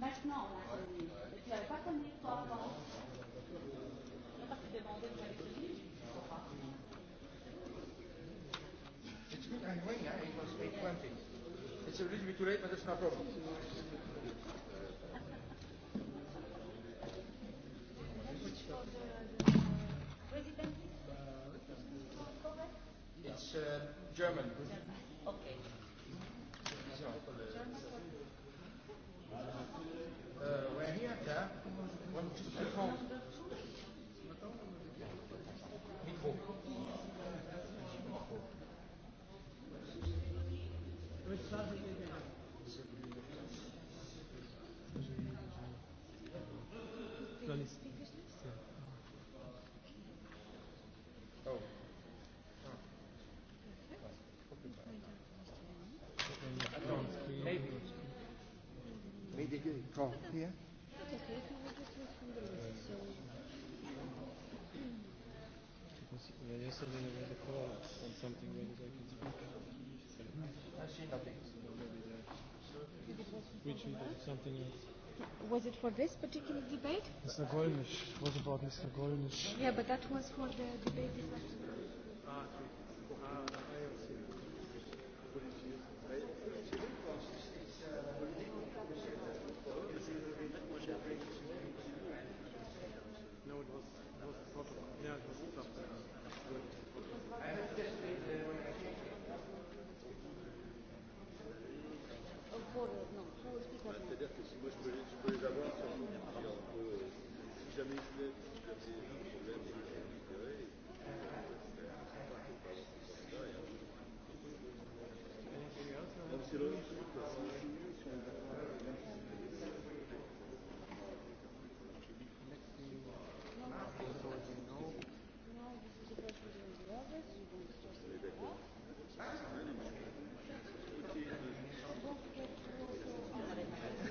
Maintenant, on a connu. Mais tu n'avais pas connu, toi, It's good I'm going, I was 8.20. It's a little bit too late, but it's not a problem. It's uh, German. Okay. German. Uh, we're here, yeah? One, two, three, four. go yeah. Yesterday I had a call on something where I can speak. something else. Was it for this particular debate? Mr. Golnisch. It was about Mr. Golnisch. Yeah, but that was for the debate this afternoon. C'est-à-dire que si moi je peux, je les avoir sur un peu, euh, si jamais si jamais il y a un problème, je vais les Et, euh, c'est pas,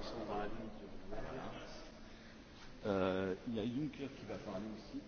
ils sont la Il y a Juncker qui va parler aussi.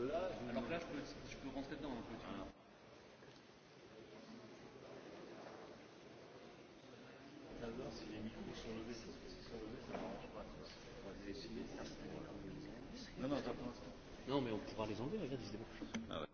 que là. Je... Alors que là, je peux, je peux rentrer dedans un peu. Tu vois. si les micros sont levés, parce que s'ils sont levés, ça pas. Non, mais on pourra les enlever, regarde, ils se débrouillent. Ah ouais.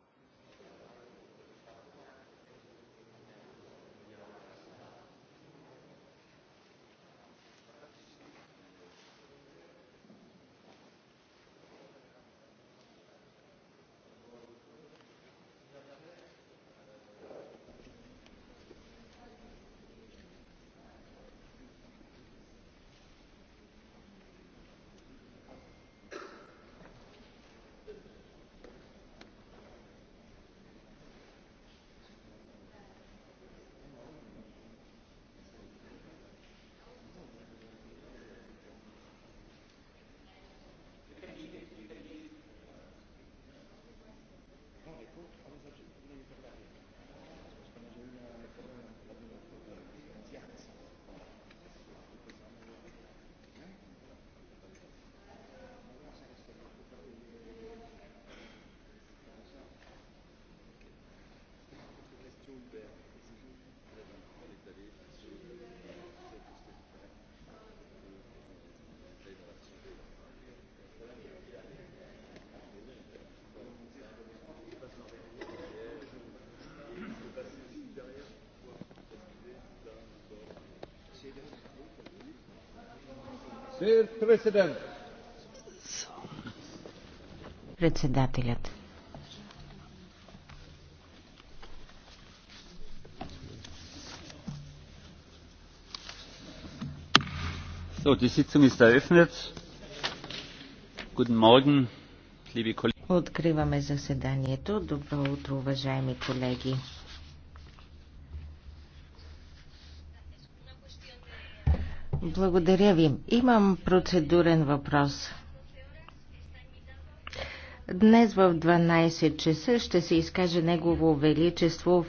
Председателят. So, die Sitzung ist eröffnet. Guten Morgen, liebe Kollegen. Откриваме заседанието. Добро утро, уважаеми колеги. Благодаря ви. Имам процедурен въпрос. Днес в 12 часа ще се изкаже Негово Величество